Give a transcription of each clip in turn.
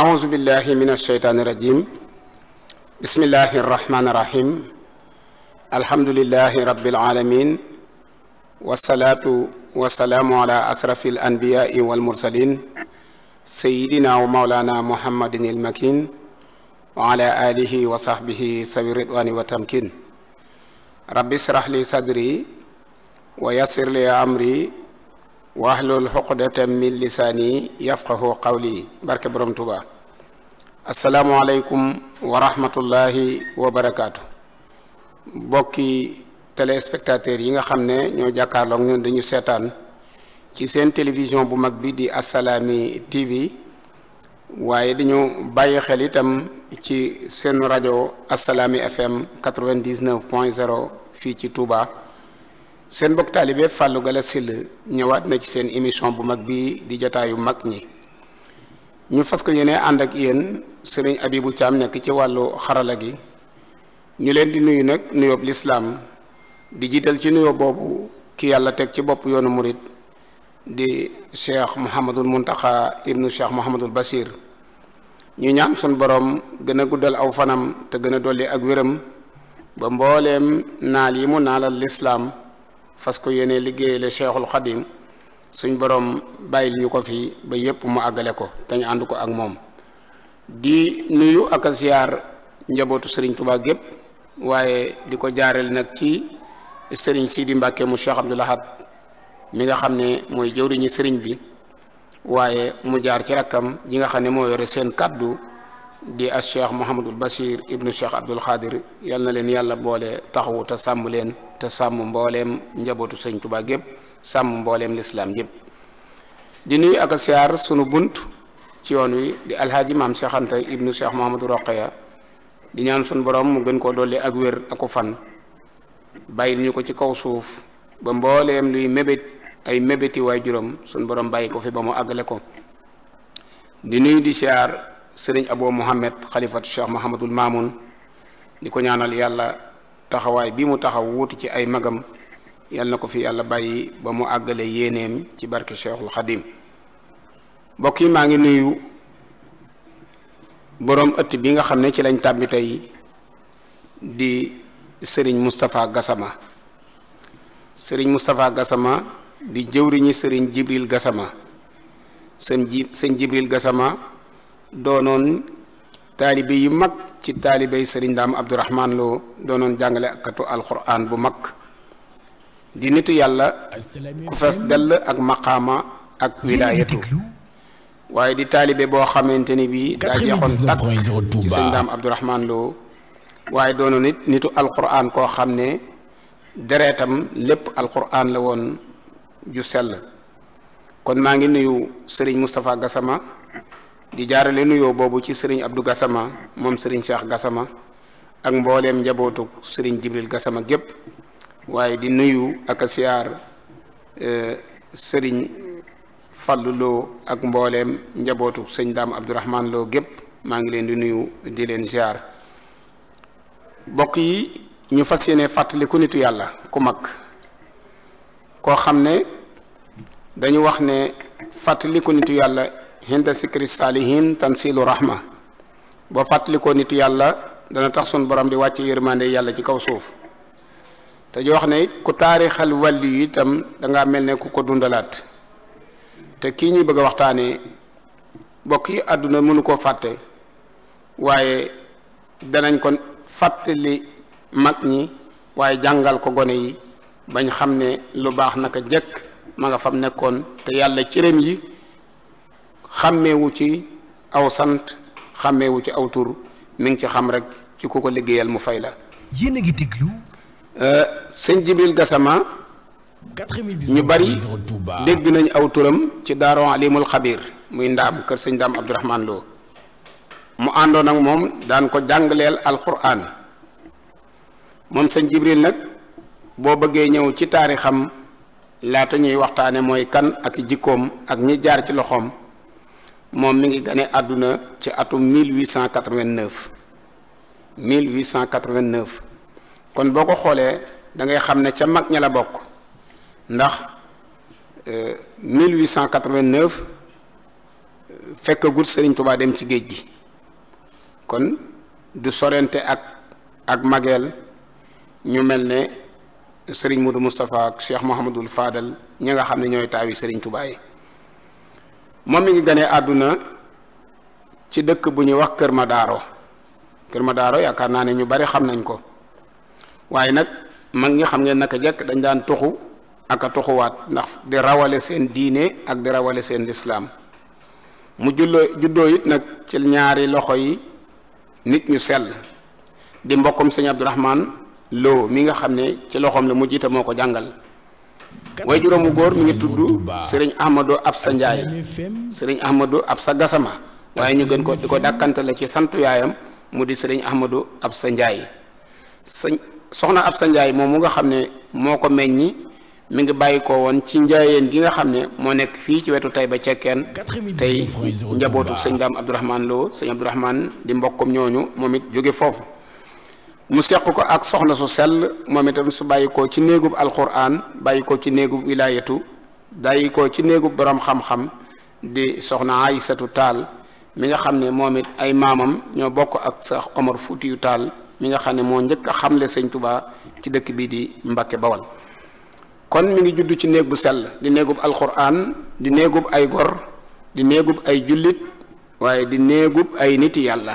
أعوذ بالله من الشيطان الرجيم بسم الله الرحمن الرحيم الحمد لله رب العالمين والصلاة والسلام على أشرف الأنبياء والمرسلين سيدنا ومولانا محمد المكين وعلى آله وصحبه سوي الرضوان والتمكين رب اشرح لي صدري ويسر لي أمري loolu waxlul xuqdatam min lisaani yafqahu qawli barke borom Tuuba asalaamualeykum wa rahmatullahi wa barakaatu mbokki téléspectateurs yi nga xam ne ñoo jàkkaarloog ñun dañu seetaan ci seen télévision bu mag bi di Assalaamy TV waaye dañu bàyyi xel itam ci seen rajo Assalaamy FM 99 point fii ci Touba. seen bokk taalibe Fallou Galass Syll ñëwaat na ci seen émission bu mag bii di jataayu mag ñi ñu fas ko yéene ànd ak yéen sëriñ Abibou Thiam nekk ci wàllu xarala gi ñu leen di nuyu nag nuyoob lislaam di jiital ci nuyoo boobu ki yàlla teg ci bopp yoonu murit di cheikh Mouhamadul Muntaxa ibnu cheikh Mouhamadul Basir ñu ñaan sun borom gën a guddal aw fanam te gën a dolli ak wéram ba mbooleem naal yi mu naalal lislaam fas ko yéene liggéeyale cheikhul xadim suñ borom bàyyil ñu ko fi ba yépp mu àggale ko te ñu ànd ko ak moom di nuyu ak a njabootu sëriñ Tuubaa gépp waaye di ko jaareel nag ci sëriñ Sidi Mbàkke mu Cheikh Abdoul Ahad mi nga xam ne mooy jëwriñu sëriñ bi waaye mu jaar ci rakkam yi nga xam ne moo yore seen kàddu di as cheikh Mouhamadul Bachir ibnu cheikh Abdoul Khadir yal na leen yàlla boole taxawu te sàmm leen te sàmm mbooleem njabootu sëñ Tuubaa gépp sàmm mbooleem lislaam yëpp di nuy ak siyaar sunu bunt ci yoon wi di alhaaji maam Cheikh Anta ibnu cheikh Mouhamadou Roqeya di ñaan sunu borom mu gën koo dolli ak wér ak fan bàyyil ñu ko ci kaw suuf ba mbooleem luy mébét ay mébéti waay juróom sunu borom bàyyi ko fi ba mu àggale ko di nuyu di siyaar sëriñ Abo Mohamed xalifatu Cheikh Mohamadul Maamoun di ko ñaanal yàlla taxawaay bi mu taxaw wuuti ci ay magam yàlla na ko fi yàlla bàyyi ba mu àggale yéeneem ci barke Cheikhul Xadim mbokk yi maa ngi nuyu boroom ëtt bi nga xam ne ci lañ tàbbi tey di sëriñ Moustapha Gassama sëriñ Moustapha Gassama di jëwriñi sëriñ Jibril Gassama sëñ ji Jibril Gassama doonoon taalibe yu mag ci taalibey sëriñ daam abdourahman loo doonoon jàngalekatu alquran bu mag di nitu yàlla ku fees dell ak maqaama ak wilaayatu waaye di taalibe boo xamante ni bi daa jeexoon takk sëriñ daam abdourahman loo waaye doonoon it nitu alquran koo xam ne dereetam lépp alquran la woon ju sell kon maa ngi nuyu sëriñ moustapha gasama di jaarale nuyoo boobu ci sëriñ abdu Gassama moom sëriñ Cheikh gasama ak mbooleem njabootu sëriñ Jibril Gassama gépp waaye di nuyu ak siyaar euh, sëriñ Fallou ak mbooleem njabootu sëñ Daam Abdourahman Lo gépp maa ngi leen di nuyu di leen ziar bokk yi ñu fas yéene fàttaliku nitu yàlla ku mag koo xam ne dañu wax ne fàttaliku nitu yàlla hinda sikri saalihin tansilu rahma boo fàttalikoo nitu yàlla dana tax sun borom bi wàcce yërmande yàlla ci kaw suuf te ñu wax ne ku taarixal wàlli yi itam danga mel ne ku ko dundalaat te kii ñuy bëgg a waxtaanee mbokk yi àdduna mënu koo fàtte waaye danañ ko fàttali mag ñi waaye jàngal ko gone yi bañ xam ne lu baax naka jëkk ma nga fam nekkoon te yàlla cëram yi xàmmewu ci aw sant xàmmewu ci aw tur mi ngi ci xam rek ci ku ko liggéeyal mu fay la. yéen a ngi déglu. Euh, sëñ Jibril Gassama. ñu bari dégg nañ aw turam ci daaron alimul xabir muy ndaam kër sëñ ndaam Abdourahman Lo mu àndoon ak moom daan ko jàngaleel alquran moom sëñ Jibril nag boo bëggee ñëw ci taarixam laata ñuy waxtaane mooy kan ak jikkoom ak ñi jaar ci loxoom. moom mi ngi gane àdduna ci atum 1889 1889 kon boo ko xoolee da ngay xam ne ca mag ña la bokk ndax 1889 fekkagut Sëriñ Tuubaa dem ci géej gi kon du sorente ak ak mageel ñu mel ne Sëriñ Moudou Moustapha ak Cheikh Mouhamadul Fadal ñi nga xam ne ñooy taawi Sëriñ Tuubaa yi moom mi ngi gane àdduna ci dëkk bu ñuy wax Kër Madaaro Kër Madaaro yaakaar naa ne ñu bari xam nañ ko waaye nag mag ñi xam ngeen naka jekk dañ daan tuxu ak a tuxuwaat ndax di rawale seen diine ak di rawale seen lislaam mu julloo juddoo it nag ci ñaari loxo yi nit ñu sel di mbokkum sëñ Abdourahman Lo mi nga xam ne ci loxoom la mujj itam moo ko jàngal way juróom góor mi ngi tudd sëriñ Ahmadou Absa Ndiaye sëriñ ab sa gasama waaye ñu gën ko di ko dàkkantale ci santu yaayam mu di sëriñ Ahmadou Absa Ndiaye sëñ soxna Absa Ndiaye moom mu nga xam ne moo ko meññi mi ngi bàyyi ko woon ci njaayeen gi nga xam ne moo nekk fii ci wetu tey ba cekkeen tey njabootu sëñ Dame Abdourahmane Lo sëñ Abdourahmane di mbokkom ñooñu moom it jóge foofu mu seq ko ak soxna su sel moom itam su bàyyi ko ci néegub alquran bàyyi koo ci néegub wilaayatu bàyyi ko ci néegub borom xam-xam di soxna Aysatu Taal mi nga xam ne moom it ay maamam ñoo bokk ak sax Omar Fuutiyu Taal mi nga xam ne moo njëkk a xamle sëñ Tuubaa ci dëkk bii di Mbàkke Bawal kon mu ngi judd ci néeg bu sel di néegub alquran di néegub ay gor di néegub ay jullit waaye di néegub ay niti yàlla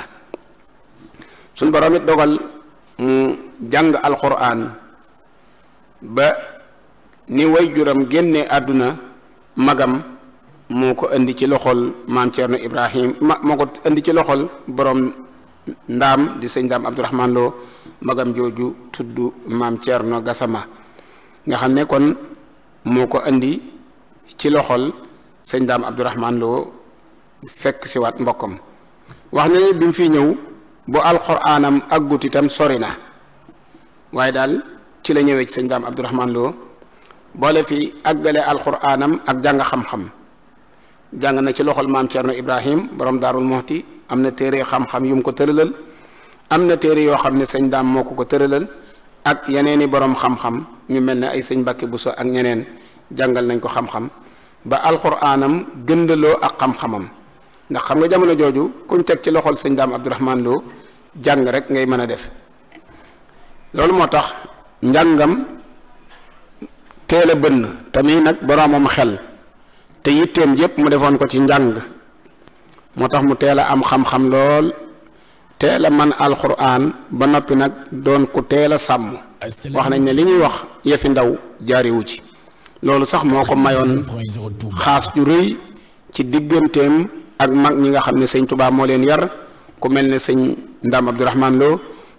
suñ borom it dogal mu jàng alxuraan ba ni way juram génne àdduna magam moo ko indi ci loxol maam Thierno Ibrahim ma moo ko indi ci loxol borom ndaam di sëñ ndaam Abdourahman magam jooju tudd maam Thierno Gassama nga xam ne kon moo ko indi ci loxol sëñ ndaam Abdourahman fekk siwaat waat mbokkam wax ne bi mu fi ñëw bu alxuraanam aggut itam sori na waaye daal ci la ñëwee ci sëñ daam Abdourahman Lo boole fi àggale alxuraanam ak jàng xam-xam jàng na ci loxol maam Thierno Ibrahim borom daarul Moxti am na téere xam-xam yu mu ko tëralal am na téere yoo xam ne sëñ daam moo ko ko tëralal ak yeneeni borom xam-xam ñu mel ne ay sëñ Mbàkke Buso ak ñeneen jàngal nañ ko xam-xam ba alxuraanam gëndaloo ak xam-xamam. ndax xam nga jamono jooju kuñ teg ci loxool sëñ daam Abdourahman Lo jàng rek ngay mën a def loolu moo tax njàngam teel a bënn tamit nag boroomam xel te yitteem yépp mu defoon ko ci njàng moo tax mu teel a am xam-xam lool teel a man alxuraan ba noppi nag doon ku teel a sàmm wax nañ ne li ñuy wax yëfi ndaw jaariwu ci loolu sax moo ko mayoon xaas ju rëy ci digganteem ak mag ñi nga xam ne sëñ Touba moo leen yar ku mel ne sëñ Ndam Abdourahman Lo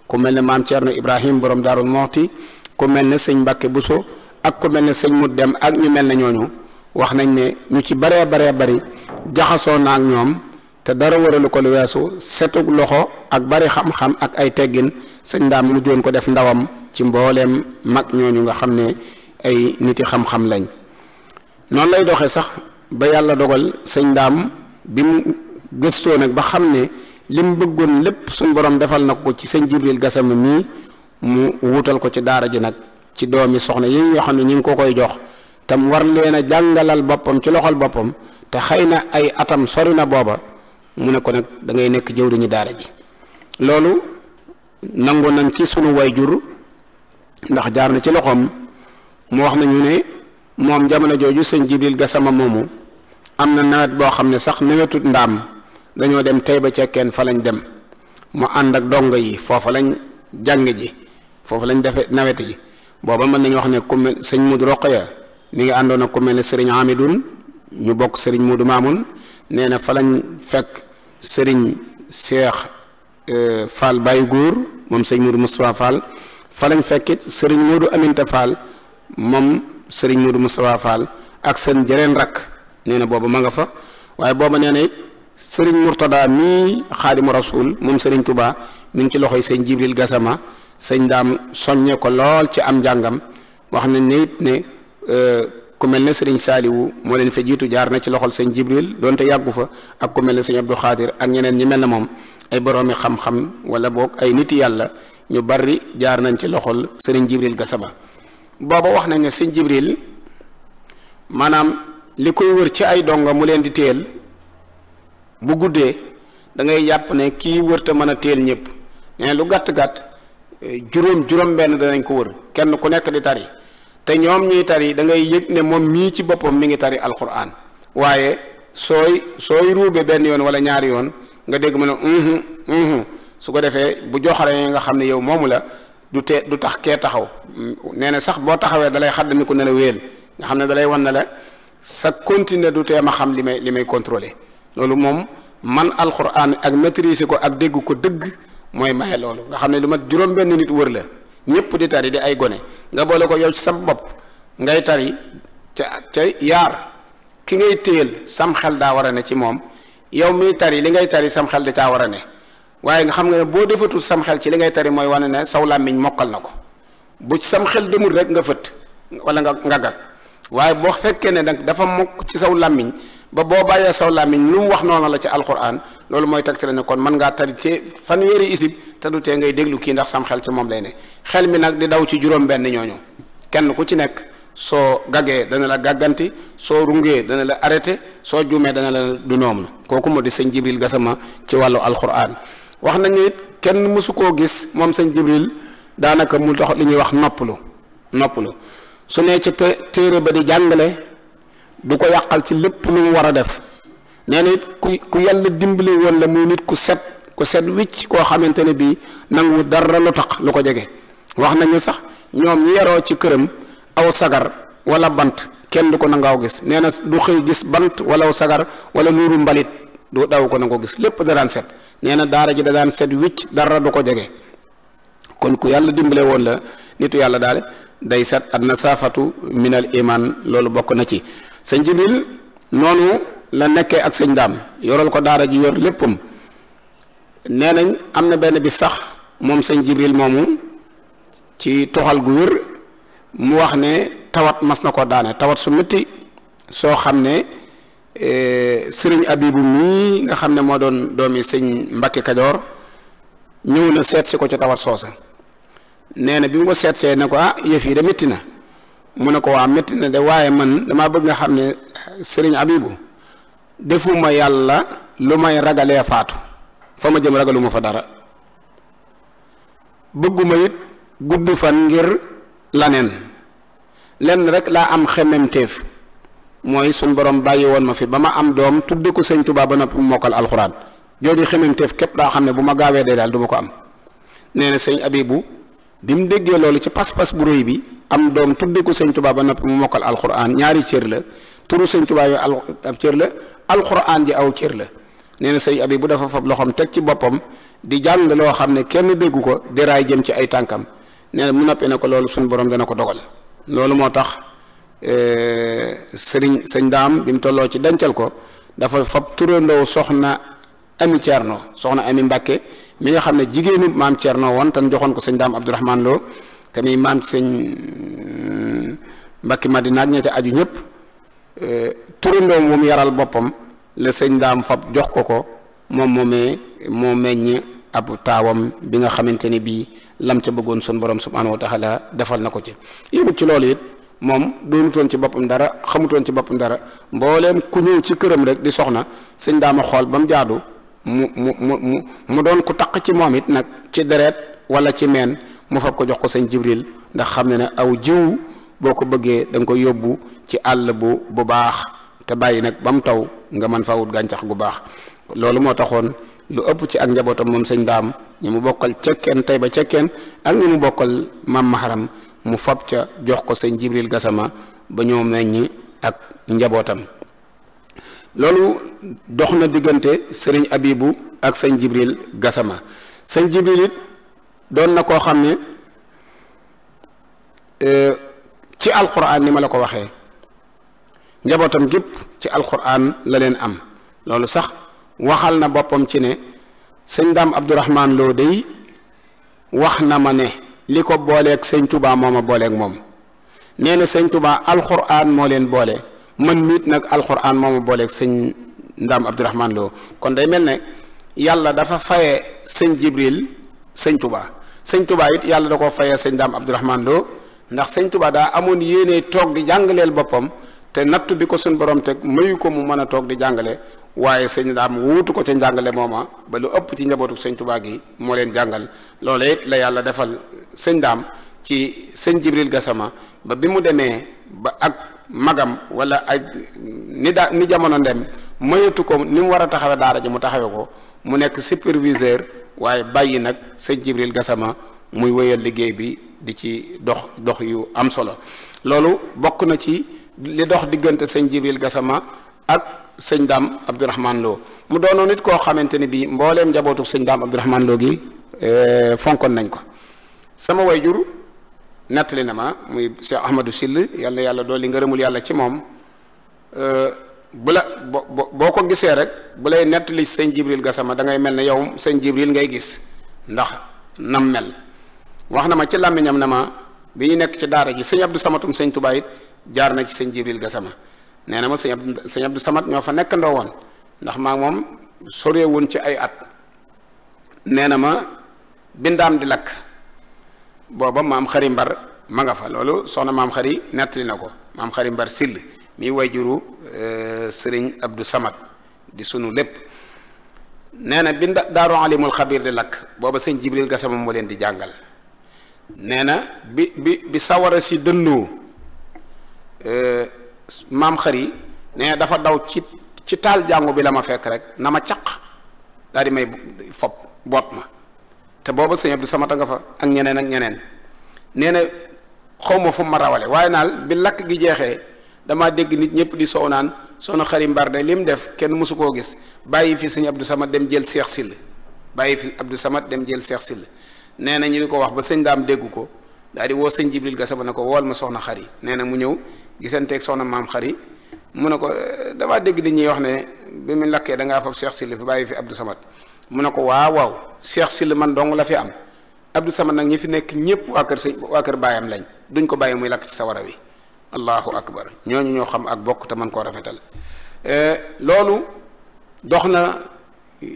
ku mel ne maam Thierno Ibrahim borom Daarul Moxti ku mel ne sëñ Mbacke Bousso ak ku mel ne sëñ Mut Dem ak ñu mel ne ñooñu wax nañ ne ñu ci baree baree bari jaxasoo na ak ñoom te dara waralu ko lu weesu setug loxo ak bari xam-xam ak ay teggin sëñ Ndam mu joon ko def ndawam ci mbooleem mag ñooñu nga xam ne ay niti xam-xam lañ noonu lay doxee sax ba yàlla dogal sëñ Ndam. bi mu gëstoo nag ba xam ne li mu bëggoon lépp suñ borom defal nag ko ci sëñ Jibril Gassama mii mu wuutal ko ci daara ji nag ci doomi soxna yi nga xam ne ñu ngi ko koy jox tam war leen a jàngalal boppam ci loxol boppam te xëy na ay atam sori na booba mu ne ko nag da ngay nekk jëwriñu daara ji loolu nangu nañ ci suñu sunu jur ndax jaar na ci loxoom mu wax nañu ne moom jamono jooju sëñ Jibril Gassama moomu am na nawet boo xam ne sax nawetut ndaam dañoo dem tey ba cekkeen fa lañ dem mu ànd ak dongo yi foofa lañ jàng ji foofu lañ defe nawet yi booba mën nañu wax ne ku mel sëñ Modou Rokhaya mu ngi àndoon ak ku mel ne sëriñ Amidoun ñu bokk sëriñ Modou Mamoun nee na fa fekk sëriñ Cheikh euh, Fall Baye Góor moom sëñ Modou Moustapha Fall lañ fekkit sëriñ Modou Aminta Fall moom sëriñ Modou Moustapha Fall ak seen jëreen rakk nee na booba ma nga fa waaye booba nee na it sëriñ Murtada mii xaadimu rasul moom sëriñ Touba mi ngi ci loxo loxoy sëñ Jibril gasama sëñ ndaam soññe ko lool ci am njàngam wax nañ ne it ne euh, ku mel ne sëriñ Saaliwu moo leen fa jiitu jaar na ci loxol sëñ Jibril donte yàggu fa ak mel ne sëñ Abdou Khadir ak ñeneen ñi mel ne moom ay boroomi wala boog ay niti yàlla ñu bari jaar nañ ci loxol sëriñ Jibril gasama booba wax nañ ne sëñ Jibril maanaam. li koy wër ci ay donga mu leen di teel bu guddee da ngay jàpp ne kii wërta mën a teel ñëpp ne lu gàtt-gàtt eh, juróom juróom benn danañ ko wër kenn ku nekk di tari te ñoom ñuy tari da ngay yëg ne moom mii ci boppam mi ngi tari alquran waaye sooy sooy ruube benn yoon wala ñaari yoon nga dégg mu ne su ko defee bu joxaree nga xam ne yow moomu la du tee du tax kee taxaw mm, nee na sax boo taxawee dalay xaddamiku ne la wéel nga xam ne dalay wan ne la sa continuer du teem a xam li may li may contrôler loolu moom man alxuraan ak maîtriser ko ak dégg ko dëgg mooy maye loolu nga xam ne lu ma juróom-benn nit wër la ñëpp di tari di ay gone nga boole ko yow ci sa bopp ngay tari ca ca yaar ki ngay téyel sam xel daa war a ne ci moom yow miy tari li ngay tari sam xel da caa war a ne waaye nga xam nga ne boo defatul sam xel ci li ngay tari mooy wane ne saw làmmiñ mokkal na ko bu sam xel demul rek nga fëtt wala nga nga gag waaye boo fekkee ne nag dafa mukk ci saw làmmiñ ba boo bàyyee saw làmmiñ lu mu wax noonu la ci alquran loolu mooy tegtale ne kon mën ngaa tari ci fanweeri isib te du tee ngay déglu kii ndax sam xel ci moom lay ne xel mi nag di daw ci juróom-benn ñooñu kenn ku ci nekk soo gaggee dana la gàgganti soo rungee dana la arrêté soo juumee dana la du noom na kooku moo di sëñ Jibril Gasama ci wàllu alquran wax nañu it kenn mësu koo gis moom sañ Jibril daanaka mu dox ñuy wax noppalu noppalu su nee ci téere ba di jàngale du ko yàqal ci lépp lu mu war a def nee na it ku ku yàlla dimbale woon la muy nit ku set ku set wicc koo xamante ne bii nangu dara lu tax lu ko jege wax nañu sax ñoom ñi yaroo ci këram aw sagar walla bant kenn du ko nangaaw gis nee na du xëy gis bant wala aw wala luuru mbalit du daw ko nangoo gis lépp da daan set nee na daara ji da daan set wicc dara du ko jege kon ku yàlla dimbale woon la nitu yàlla daale day set ad nasaafatu min al loolu bokk na ci sëñ Jibril noonu la nekkee ak sëñ daam yoral ko daara ji yor léppam nee nañ am na benn bi sax moom sëñ Jibril moomu ci toxal gu mu wax ne tawat mas na ko daane tawat su métti soo xam ne e, sëriñ Abibu mii nga xam ne moo doon doomi sëñ Mbakke Kajoor ñëw na seet si ko ci tawat soosa nee na bi mu ko seet see ne ko ah yëf yi de métti na mu ne ko waa métti na de waaye man damaa bëgg nga xam ne eh, sëriñ Abibu defuma yàlla lu may ragalee faatu fa ma jëm ragaluma fa dara bëgguma yit gudd fan ngir laneen lenn rek laa am xemmemteef mooy suñ borom bàyyi woon ma fi ba ma am doom tudde ko sëñ Tuubaa ba noppi mokkal alxuraan jooju xemmemteef képp daa xam ne bu ma gaawee dee daal duma ko am nee na sëñ Abibu bi mu déggee loolu ci pas-pas bu réy bi am doom tudde ko sëñ Tuubaa ba noppi mu mokkal alxuraan ñaari cër la turu sëñ Tuubaa yi ab cër la alxuraan ji aw cër la nee na sëñ abi bu dafa fab loxoom teg ci boppam di jàng loo xam ne kenn déggu ko di jëm ci ay tànkam nee na mu noppi na ko loolu suñu borom dana ko dogal loolu moo tax e, sëriñ sëñ daam bi mu tolloo ci dencal ko dafa fab turandoo soxna ami Cerno soxna ami Mbàkke mi nga xam ne jigéenu maam Thierno woon tan joxoon ko sëñ daam Abdourahman Lo te muy maam sëñ mbaki Madina ak ña ca aju ñëpp euh, turandoom wu mu yaral boppam la sëñ daam fab jox ko ko moom moomee moo meññ ab taawam bi nga xamante ni bii lam ca bëggoon sun borom subhaanahu wa taala defal na ko ci yëmut ci loolu it moom doonutoon ci boppam dara xamutoon ci boppam dara mbooleem ku ñëw ci këram rek di soxna sëñ daama xool ba mu jaadu mu mu mu mu doon ku taq ci moom it nag ci deret wala ci meen mu fab ko jox ko sëñ Jibril ndax xam ne ne aw jiw boo ko bëggee da nga ko yóbbu ci àll bu bu baax te bàyyi nag ba mu taw nga mën faa wut gàncax gu baax loolu moo taxoon lu ëpp ci ak njabootam moom sañ daam ñu mu bokkal cekkeen tey ba cekkeen ak ñu mu bokkal mam maharam mu fab ca jox ko sëñ Jibril Gasama ba ñoo meññ ak njabootam loolu dox na diggante sëriñ abibu ak sëñ jibril gasama sëñ jibril it doon na koo xam ne euh, ci alquran ni ma la ko waxee njabootam gépp ci alquran la leen am loolu sax waxal na boppam ci ne sëñ daam abdourahman loo day wax na ma ne li ko booleeg sëñ tubaa moo ma booleeg moom nee na sëñ tubaa alquran moo leen boole man miit nag alxuraan moomu booleeg sëñ Ndaam Abdourahman Lo kon day mel ne yàlla dafa fayee sëñ Jibril sëñ Touba sëñ Touba it yàlla da koo fayee sëñ Ndaam Abdourahman Lo ndax sëñ Touba daa amoon yéene toog di jàngaleel boppam te natt bi ko suñ borom teg mayu ko mu mën a toog di jàngale waaye sëñ Ndaam wuutu ko ca njàngale mooma ba lu ëpp ci njabootu sëñ tubaa gi moo leen jàngal loola it la yàlla defal sëñ Ndaam ci sëñ Jibril Gassama ba bi mu demee magam walla ay ni daa ni jamono ndem mayatu ko ni mu war a taxawee daara ji mu taxawe ko mu nekk superviseur waaye bàyyi nag sañ Jibril Gassama muy wéyal liggéey bi di ci dox dox yu am solo loolu bokk na ci li dox diggante sëñ Jibril Gassama ak sëñ Daam Abdourahman Lo mu doonoon it koo xamante ni bii mbooleem njabootu sëñ Daam Abdourahman Lo gi eh, fonkoon nañ ko sama wayjur nettali na ma muy Cheikh Ahmadou Sill yal yàlla dool li ngërëmul yàlla ci moom euh, bu la bo boo ko gisee rek bu lay nettali sëñ Jibril Gassama da ngay mel ne yow sëñ Jibril ngay gis ndax nam mel wax na ma ci làmmiñam na ma bi ñu nekk ci daara ji sëñ Abdou Samatum sëñ Touba jaar na ci sëñ Jibril Gassama nee na ma sëñ Abdou Samat ñoo fa nekkandoo woon ndax maa moom soree ci ay at nee na ma bindaam di lakk. booba maam xari mbar ma nga fa loolu soxna maam xari nettali na ko maam xari mbar sill mi wayjuru euh, sëriñ Abdou Samad di sunu lépp nee na bi daaru alimul xabir di lakk booba sëñ Jibril Gasama moo leen di jàngal nee na bi bi bi sawara si dëndoo euh, maam xari nee na dafa daw ci ci taal jàngu bi la ma fekk rek na ma caq daal di may fob boot ma te booba sëñ Abdou Samata nga fa ak ñeneen ak ñeneen nee na xaw ma fu ma rawale waaye naal bi lakk gi jeexee damaa dégg nit ñëpp di soow naan na Xari Mbar de li mu def kenn mosu koo gis bàyyi fi sëñ Abdou Samad dem jël Seex sil bàyyi fi Abdou Samad dem jël Seex Sill nee na ñu di ko wax ba sëñ daam dégg ko daal di woo sëñ Jibril Gasama ne ko wool ma soxna Xari nee na mu ñëw gisanteeg soxna maam Xari mu ne ko eh, damaa dégg nit ñi wax ne bi mu lakkee da ngaa fab Seex Sill fi bàyyi fi Abdou Samad mu ne ko waaw waaw Cheikh Sylla man dong la fi am Abdou sama nag ñi fi nekk ñëpp waa kër sëñ waa kër baayam lañ duñ ko bàyyi muy lakk ci sawara wi allahu akbar ñooñu ñoo xam ak bokk te man koo rafetal eh, loolu dox na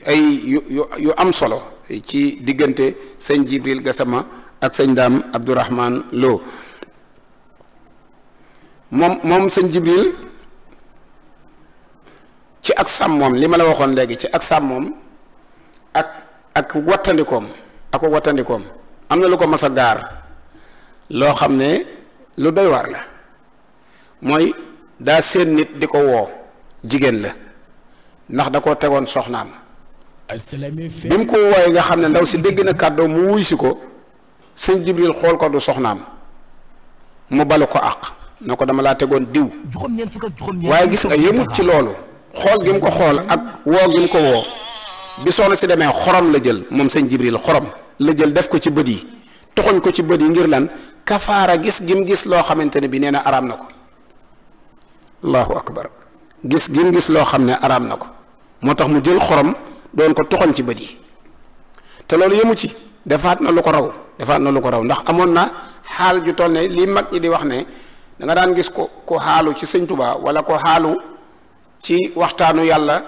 ay yu am solo ci diggante sëñ Jibril gasama ak sëñ Daam Abdourahman Lo moom moom sëñ Jibril ci ak sàmm moom li ma la waxoon léegi ci ak sàmm moom ak ak wattandikoom ak wattandikoom am na lu ko mas a gaar loo xam ne lu doy waar la mooy daa seen nit di ko woo jigéen la ndax da koo tegoon soxnaam bi mu ko wooyee nga xam ne ndaw si dégg na kàddoo mu wuy si ko sëñ Jibril xool ko du soxnaam mu balu ko àq na ko dama laa tegoon diw waaye gis nga yëmut ci loolu xool gi mu ko xool ak woo gi mu ko woo bi soxna si demee xorom la jël moom sëñ Jibril xorom la jël def ko ci bët yi toxuñ ko ci bët yi ngir lan kafaara gis gim gis loo xamante ne bi nee na araam na ko allahu gis gim gis loo xam ne araam na ko moo tax mu jël xorom doon ko toxoñ ci bët yi te loolu yëmu ci defaat na lu ko raw defaat na lu ko raw ndax amoon na xaal ju toll ne lii mag ñi di wax ne danga daan gis ko ko xaalu ci sëñ Tuubaa wala ko xaalu ci waxtaanu yàlla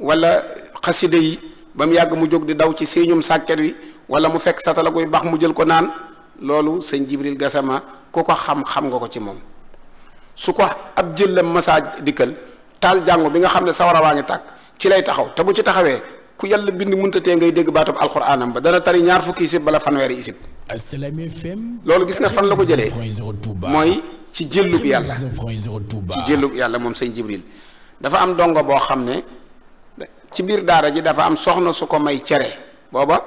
wala xasida yi ba mu yàgg mu jóg di daw ci siiñum sàkket wi wala mu fekk satala koy baax mu jël ko naan loolu sañ Jibril Gassama ku ko xam-xam nga ko ci moom su ko ab jëllam masaaj dikkal taal jàngu bi nga xam ne sawara waa ngi tàkk ci lay taxaw te bu ci taxawee ku yàlla bind mënta tee ngay dégg baatab alxuraanam ba dana tari ñaar fukki isib bala fanweeri isib loolu gis nga fan la ko jëlee mooy ci jëllub yàlla ci jëllub yàlla moom sëñ Jibril dafa am dongo boo ci biir daara ji dafa am soxna su ko may cere booba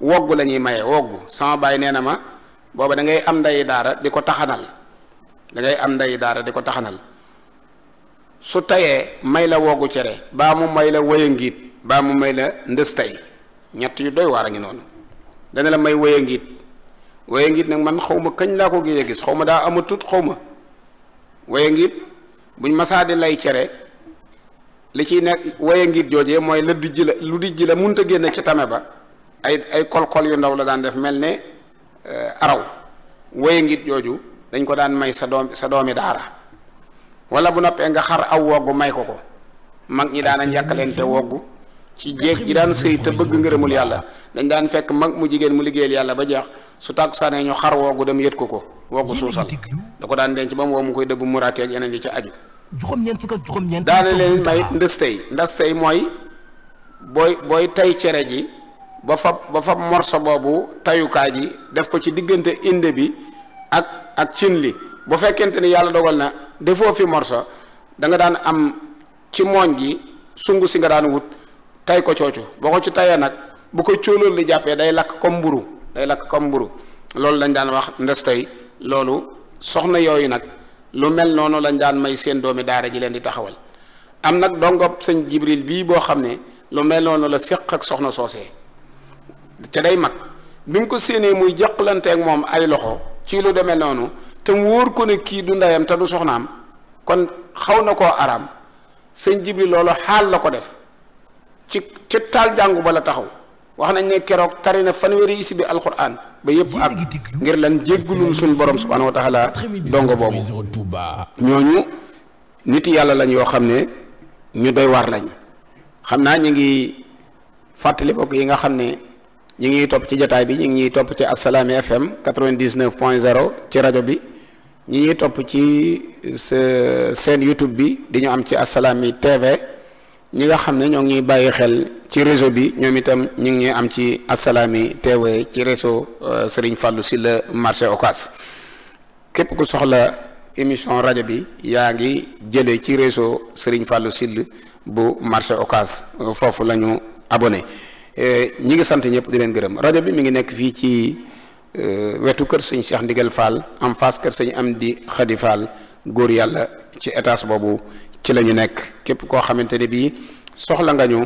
woggu lañuy ñuy maye woggu sama baay nee na ma booba da ngay am ndeyi daara di ko taxanal dangay ngay am ndeyi daara di ko taxanal su tayee may la woggu cere baa mu may la wëyangiit baa mu may la ndës tay ñett yu doy waar a ngi noonu dana la may wëyangiit wëyangiit nag man xaw ma kañ laa ko géej gis xaw ma daa amatut xaw ma wëyangiit buñ masaa di lay cere li ciy nekk waye ngir joojee mooy la dujj la lu dujj la munta génn ci tame ba ay ay kol-kol yu ndaw la daan def mel ne eh, araw waye ngir jooju dañ ko daan may sa doom sa doomi daara wala bu noppee nga xar aw woggu may ko ko mag ñi leen yàkkalente woggu ci jéeg ji daan sëy te bëgg ngërëmul yàlla dañ daan fekk mag mu jigéen mu liggéeyal yàlla ba jeex su tàkkusaanee ñu xar woggu dem yët ko ko woggu suusal da ko daan denc ba mu woo mu koy dëbb muraate ak yeneen yi ca aju juróom-ñeent fukk ak juróom-ñeent. daane leen may ndës tey ndës mooy booy booy tay cere ji ba fab ba fab morso boobu tayukaay ji def ko ci diggante inde bi ak ak cin li bu fekkente ni yàlla dogal na defoo fi morso da nga daan am ci mooñ gi sungu si nga daan wut tay ko coocu boo ko ci tayee nag bu ko cóolool li jàppee day lakk comme mburu day lakk comme mburu loolu lañ daan wax ndës loolu soxna yooyu nag. lu mel noonu lañ daan may seen doomi daara ji leen di taxawal am nag dongo sëñ Jibril bii boo xam ne lu mel noonu la séq ak soxna soosee ca day mag bi mu ko séenee muy jëqlante ak moom ay loxo ci lu demee noonu te mu wóor ko ne kii du ndeyam te du soxnaam kon xaw na koo araam sëñ Jibril loolu xaal la ko def ci ci taal jàngu ba la taxaw wax nañ ne keroog tari na fanweeri isi bi alquran ba yëpp ak ngir lan jéggulul suñ borom subhaanahu wa taala dongo boobu ñooñu nit yàlla lañ yoo xam ne ñu doy war lañ xam naa ñu ngi fàttali bokk yi nga xam ne ñu ngi topp ci jataay bi ñu ngi ñuy topp ci Assalaamy FM 99 point 0 ci rajo bi ñi ñuy topp ci seen YouTube bi di ñu am ci Assalaamy TV ñi nga xam ne ñoo ngi ñuy bàyyi xel ci réseau bi ñoom itam ñu ngi ñuy am ci asalaami teewee ci réseau euh, Serigne Fallou Sylla marché Ocass képp ku soxla émission rajo bi yaa ngi jëlee ci réseau Serigne Fallou Sylla bu marché Ocass euh, foofu la ñu abonné euh, ñi ngi sant ñëpp di leen gërëm rajo bi mi ngi nekk fii ci wetu kër suñ Cheikh Ndigal Fall en face kër sëñ Amdi Khady Fall góor yàlla ci étage boobu. ci la ñu nekk képp koo xamante ne bii soxla nga ñu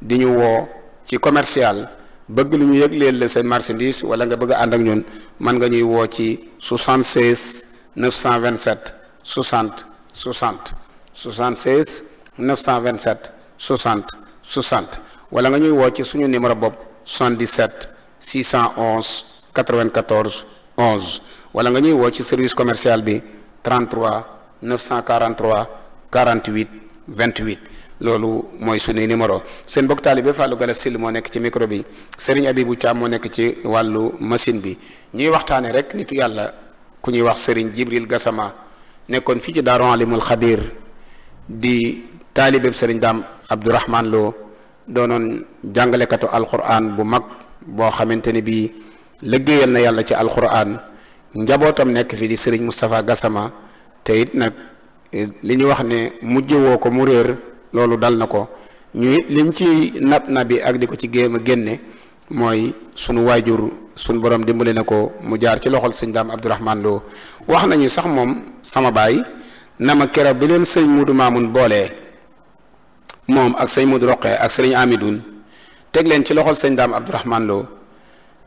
di ñu woo ci commercial bëgg lu ñu yëgleel la seen marchandise wala nga bëgg ànd ak ñun mën nga ñuy woo ci 76 927 60 60 76 927 60 60 wala nga ñuy woo ci suñu numéro bopp 77 611 94 11 wala nga ñuy woo ci service commercial bi 33 943. 48 28 loolu mooy suñuy numéro seen bokk taalibe Fallou Galass Syll moo nekk ci micro bi Serigne Abibou Thiam moo nekk ci wàllu machine bi ñuy waxtaane rek nitu yàlla ku ñuy wax Serigne Jibril gasama nekkoon fii ci Daaru Alimul Xabir di taalibeeb Serigne Daam Abdourahman Lo doonoon jàngalekatu alquran bu mag boo xamante ni bii liggéeyal na yàlla ci alquran njabootam nekk fi di Serigne Moustapha Gassama te nag. li ñu wax ne mujj woo ko mu réer loolu dal na ko ñuy li liñ ci nab nabi ak di ko ci géem a génne mooy sunu waajur sunu borom dimbali na ko mu jaar ci loxol sëñ daam Abdourahman Lo wax nañu sax moom sama baay na ma keroog bi leen sëñ Mudu Maamun boolee moom ak sëñ Mudu Roqee ak sëriñ Amidoun teg leen ci loxol sëñ daam Abdourahman Lo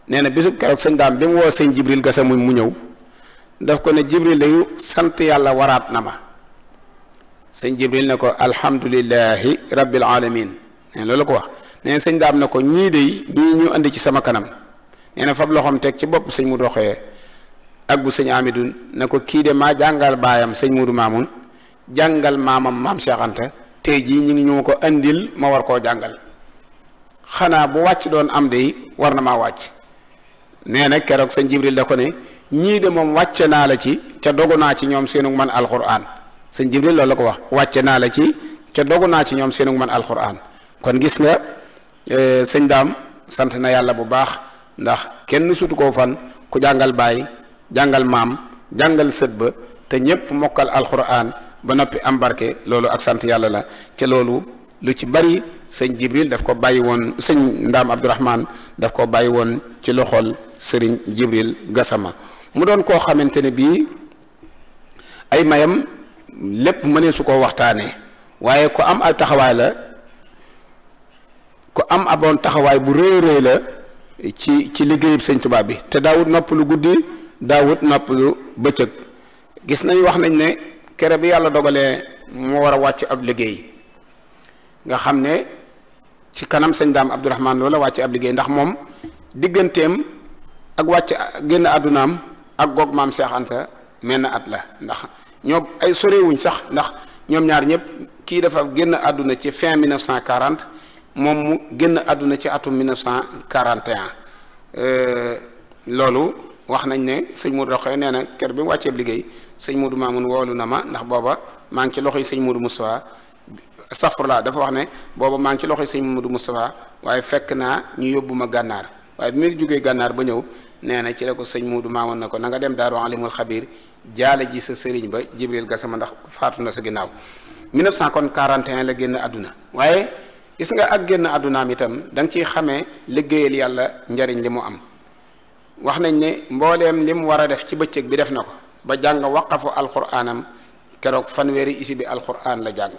nee na bisub keroog sëñ daam bi mu woo sëñ Jibril Gasa mu mu ñëw daf ko ne Jibril dañu sant yàlla waraat na ma. sëñ jibril na ko alhamdulillahi rabbil alamin neen loolu ko wax neen sëñ daam ne ko ñii de ñu andi ci sama kanam nee na fab loxoom teg ci bopp sëñ mu doxee ak bu sëñ amidun ne ko kii de maa jàngal baayam sëñ muudu maamun jàngal maamam maam Cheikh Anta tey jii ñu ngi ñu ko indil ma war koo jàngal xanaa bu wàcc doon am de war na maa wàcc nee na keroog sëñ jibril da ko ne ñii de moom wàcce naa la ci ca dogu naa ci ñoom seenu man alquran sëñ Jibril loolu la ko wax wàcce naa la ci ca dogu naa ci ñoom seenu man alxuraan kon gis nga e, sëñ daam sant na yàlla bu baax ndax kenn sutu koo fan ku jàngal baay jàngal maam jàngal sët ba te ñépp mokkal alxuraan ba noppi am barke loolu ak sant yàlla la ca loolu lu ci bari sëñ Jibril daf ko bàyyi woon sëñ ndaam Abdourahman daf ko bàyyi woon ci loxol sëriñ Jibril Gassama mu doon koo xamante ne bii ay mayam lépp mënee su ko waxtaanee waaye ku am ab taxawaay la ku am aboon taxawaay bu rëy rëy la ci ci liggéeyub sëñ Tuubaa bi te daawut nopp lu guddi daawut nopp lu bëccëg gis nañ wax nañ ne kere bi yàlla dogalee mu war a wàcc ab liggéey nga xam ne ci kanam sëñ daam Abdourahman loola wàcc ab liggéey ndax moom digganteem ak wàcc génn àddunaam ak goog maam Seex menn at la ndax ñoo ay sorewuñ sax ndax ñoom ñaar ñëpp kii dafa génn àdduna ci fin 1940 moom mu génn àdduna ci atum 1941 euh, loolu wax nañ ne sëñ Modou Rokhaya nee na kër bi mu wàcceeb liggéey sëñ Modou Mamoun woolu na ma ndax booba maa ngi ci loxoy sëñ Modou Moustapha safurlaa dafa wax ne booba maa ci loxo sëñ Modou Moustapha waaye fekk naa ñu yóbbu ma gànnaar waaye bi mu jógee gànnaar ba ñëw nee na ci la ko sëñ Muudu maamoon na ko na nga dem daaru alimul xabir jaale ji sa sëriñ ba Jibril Gassama ndax faatu na sa ginnaaw 1941 la génn àdduna waaye gis nga ak génn àddunaam itam da nga ciy xamee liggéeyal yàlla njariñ li mu am wax nañ ne mbooleem li mu war a def ci bëccëg bi def na ko ba jàng waqafu alquraanam keroog fanweeri isi bi alquraan la jàng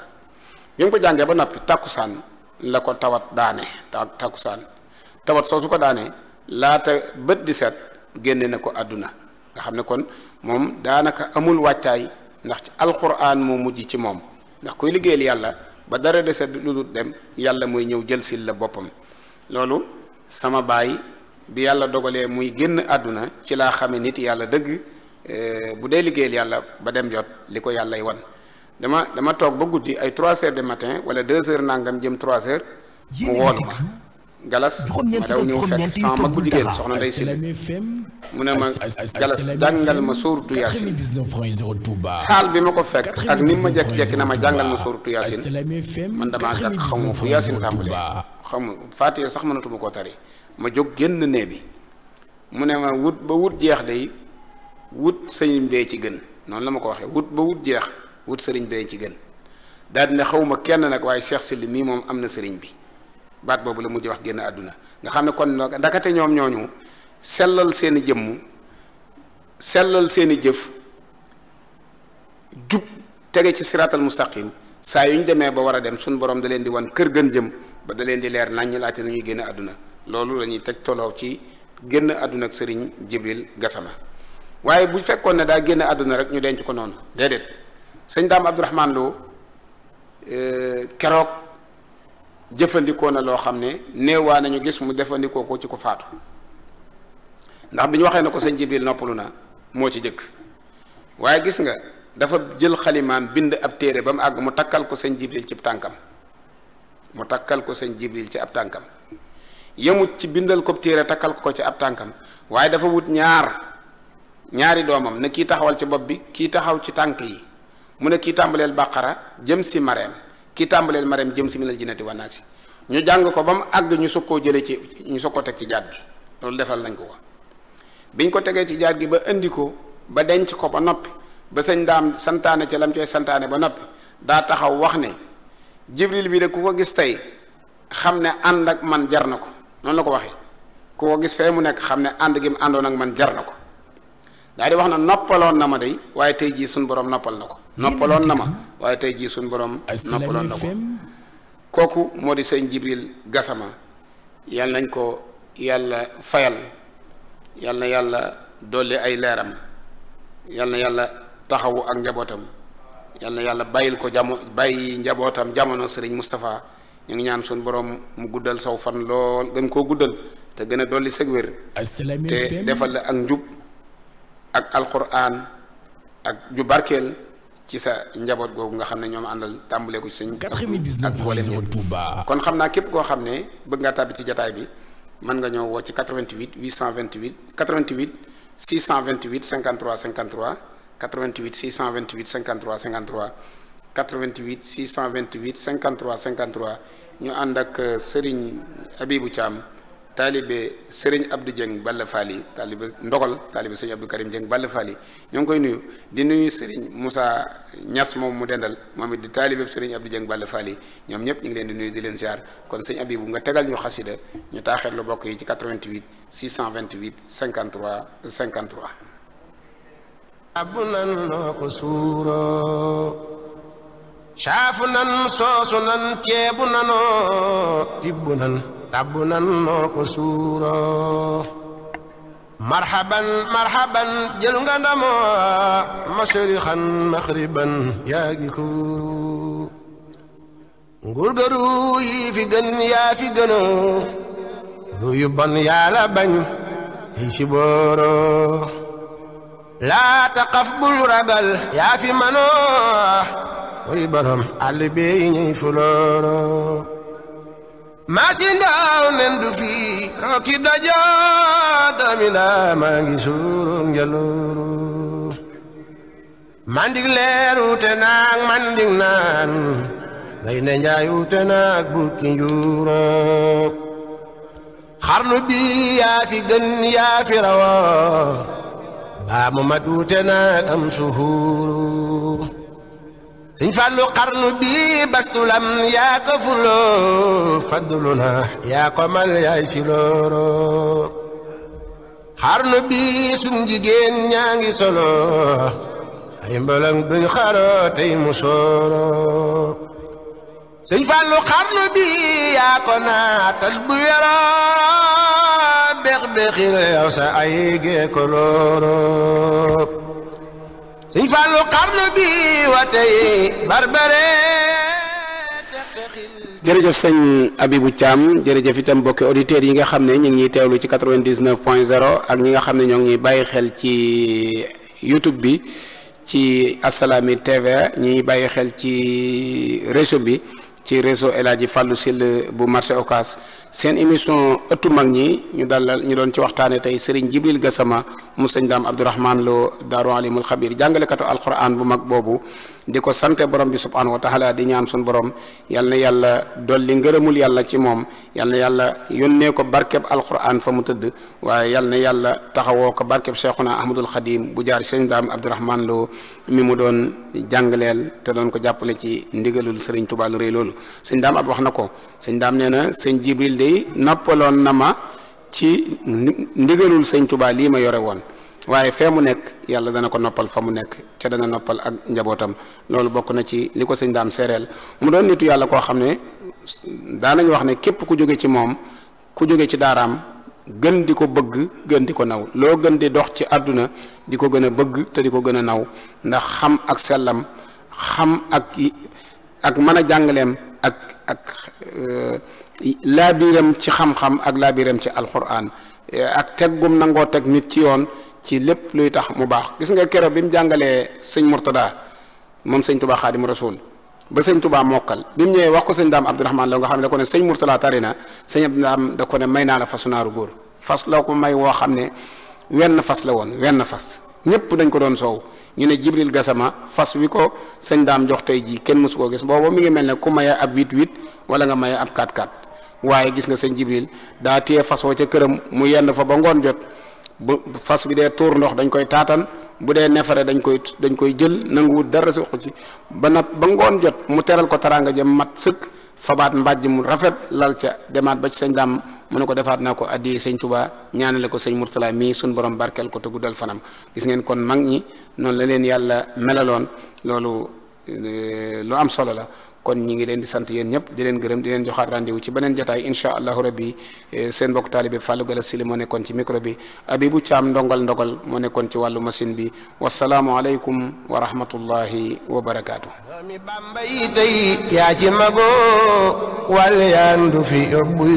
bi mu ko jàngee ba noppi tàkkusaan la ko tawat daane tawat tàkkusaan tawat laata bët di set génne na ko àdduna nga xam ne kon moom daanaka amul wàccaay ndax ci alquran moo mujj ci moom ndax kuy liggéeyal yàlla ba dara de set lu dul dem yàlla mooy ñëw jël sil la boppam loolu sama baay bi yàlla dogalee muy génn àdduna ci laa xame nit yàlla dëgg eh, bu dee liggéeyal yàlla ba dem jot li ko yàllay wan dama dama toog ba guddi ay trois heures de matin wala deux heures nangam jëm trois heures mu woolu ma galas ma daw ñëw fekk sama mag bu jigéen soxna Ndey Sile mu ne ma galas jàngal ma suuratu yaasin xaal bi ma ko fekk ak ni ma jekki-jekki na ma jàngal ma suuratu yaasin man damaa gàtt xamu fu yaasin tàmbale xamu Faatiha sax mënatuma koo tari ma jóg génn nee bi mu ne ma wut ba wut jeex day wut sëriñ bee ci gën noonu la ma ko waxee wut ba wut jeex wut sëriñ bee ci gën daal dina xawma kenn nag waaye Cheikh Sile mii moom am na sëriñ bi baat boobu la mujj wax génn àdduna nga xam ne kon ndakate ñoom ñooñu sellal seeni jëmm sellal seeni jëf jub tege ci siraatal mustaqim saa yu ñu demee ba war a dem suñ borom da leen di wan kër gën jëm ba da leen di leer naññ laajte nañuy génn àdduna loolu la ñuy teg toloo ci génn àdduna ak sëriñ Jibril Gassama waaye bu fekkoon ne daa génn àdduna rek ñu denc ko noonu déedéet sëñ daam Abdourahman Lo eh, keroog. jëfandikoo na loo xam ne néewaa nañu gis mu jëfandikoo ko ci ko faatu ndax bi ñu waxee na ko sëñ Jibril noppalu na moo ci jëkk waaye gis nga dafa jël xalimaam bind ab téere ba mu àgg mu takkal ko sëñ Jibril ci tànkam mu takkal ko sëñ Jibril ci ab tànkam yemut ci bindal ko téere takkal ko ci ab tànkam waaye dafa wut ñaar ñaari doomam ne kii taxawal ci bopp bi kii taxaw ci tànk yi mu ne kii tàmbaleel bàqara jëm si mareem kii tàmbaleel mareem jëm si minal jinnati wannaasi ñu jàng ko ba mu àgg ñu soog koo jëlee ci ñu soog ko teg ci jaat gi loolu defal nañ ko ko biñ ko tegee ci jaat gi ba indi ko ba denc ko ba noppi ba sëñ daam santaane ca lam cay santaane ba noppi daa taxaw wax ne jibril bi de ku ko gis tey xam ne ànd ak man jar na ko noonu la ko waxee ku ko gis fee mu nekk xam ne ànd gi mu àndoon ak man jar na ko daal di wax na noppaloon na ma day waaye tey jii suñ boroom noppal na ko noppaloon na ma waaye tey jii suñ borom noppaloon na ko kooku moo di sëñ Jibril Gasama yàlla nañ ko yàlla fayal yàlla na yàlla dolli ay leeram yàlla na yàlla taxawu ak njabootam yàlla na yàlla bàyyil ko jamo bàyyi njabootam jamono sëriñ Moustapha ñu ngi ñaan suñu borom mu guddal saw fan lool gën koo guddal te gën a dolli sëg wér te defal ak njub ak alquran ak ju barkeel ci sa njaboot googu nga xam ne ñoom àndal tàmbalee ko ci sëñ ak mboolem ñëpp kon xam naa képp koo xam ne bëgg ngaa tàbbi ci jataay bi mën nga ñëw woo ci 88 828 88 628 53 53 88 628 53 53 88 628 53 53 ñu ànd ak euh, Serigne Abibou Thiam taalibe Serigne Abdou Dieng Balla Fally taalibe ndogal taalibe Serigne Abdou Karim Dieng Balla Fally ñoo ngi koy nuyu di nuyu Serigne Moussa Niass moom mu dendal moom it di taalibe Serigne Abdou Dieng Balla Fally ñoom ñëpp ñu ngi leen di nuyu di leen ziar kon Serigne Abibou nga tegal ñu xasida ñu taaxeet lu bokk yi ci 88 628 53 53. abulan noo ko suuroo caafu nan soosu nan ceebu nanoo tibbu nan tabbu nan masarixan maxriban yaa gi kuuru fi gën yaa fi gënoo ruyu bon yàlla bañ ay laa taqaf bul yaa fi manoo wuy borom àll bee yi ñuy fulooroo maasindaaw nen du fii rokki dajoo doomi ndaa maa ngi suuru ngeluuru mandig leer wuute naag naan ngay ne njaay wuute naag bukki njuuroo xarnu bi yaa fi gën yaa fi rawoo baa mu mat wuute naag am suhuuru sëñ Fallu xarnu bii bastulam yaa ko fuloo faddulu na yaa ko mal yaay si looroo xarnu bii suñ jigéen ñaa ngi solo ay mbalang duñ xaroo tey mu sooroo xarnu bii yaa ko naatal bu yoroo beex beexil yow sa ay gee ko looroo sëñ Fallu xarnu bi wa tey barbare jërëjëf sëñ Abibou Thiam jërëjëf itam mbokki auditeurs yi nga xam ne ñu ngi ñuy teewlu ci 99 point 0 ak ñi nga xam ne ñoo ngi bàyyi xel ci YouTube bi ci Assalaamy TV ñuy bàyyi xel ci réseau bi ci réseau El Hadji Fallou bu marché Ocass seen émission ëttu mag ñi ñu dalal ñu doon ci waxtaanee tey Serigne Jibril Gassama mu sëñ daam Abdourahman Lo Daaru Alimul Xabir jàngalekatu alquran bu mag boobu. di ko sante borom bi subhaanahu wa taala di ñaan sun borom yal na yàlla dolli ngërëmul yàlla ci moom yal na yàlla yónnee ko barkeb alquran fa mu tëdd waaye yal na yàlla taxawoo ko barkeb cheikhuna ahmadul xadim bu jaar sëñ daam abdourahman loo mi mu doon jàngaleel te doon ko jàppale ci ndigalul sëriñ tubaa rëy loolu sëñ daam ab wax na ko sëñ daam nee na sëñ jibril day nappaloon na ma ci ndigalul sëñ tubaa lii ma yore woon waaye fee mu nekk yàlla dana ko noppal fa mu nekk ca dana noppal ak njabootam loolu bokk na ci li ko sëñ daam seereel mu doon nitu yàlla koo xam ne daanañ wax ne képp ku jóge ci moom ku jóge ci daaraam gën di ko bëgg gën di ko naw loo gën di dox ci àdduna di ko gën a bëgg te di ko gën a naw ndax xam ak sellam xam ak ak mën a jàngaleem ak ak eh, laabiram ci xam-xam ak laabiram ci alquran eh, ak teggum nangoo teg nit ci yoon ci lépp luy tax mu baax gis nga keroog bi mu jàngalee sëñ Mourtada moom sëñ Touba Xaadimu Rasuul ba sëñ tubaa mokkal bi mu ñëwee wax ko sëñ daam Abdourahman la nga xam ne da ko ne sëñ Mourtada tari na sëñ ko ne may naa la fasu naaru góor fas la ko may woo xam ne wenn fas la woon wenn fas ñëpp dañ ko doon soow ñu ne Jibril Gassama fas wi ko sëñ daam jox tey jii kenn mësu koo gis booba mi ngi mel ne ku maye ab 8-8 wala nga maye ab 4-4 waaye gis nga sëñ Jibril daa ca këram mu yenn fa ba ngoon jot. bu fas bi dee tuur ndox dañ koy taatan bu dee nefere dañ koy dañ koy jël nanguwut dara si ci ba na ba ngoon jot mu teral ko taraanga jëm mat sëkk fabaat mbàjj mu rafet lal ca demaat ba ci sañ dàmm mu ne ko defaat naa ko addi sëñ Tuubaa ñaanale ko sëñ Murtala mii suñ borom barkeel ko te guddal fanam gis ngeen kon mag ñi noonu la leen yàlla melaloon loolu eh, lu am solo la kon ñi ngi leen di sant yéen ñëpp di leen gërëm di leen joxaat rendez-vous ci beneen jataay incha allahu rabbi eh, seen mbokk taalibe Fallou Galass Syll moo nekkoon ci micro bi Abibou Thiam ndongal ndogal moo nekkoon ci wàllu machine bi wasalaamu aleykum wa rahmatullahi wa Bamba yi tey yaa magoo wal yaandu fi yóbbuy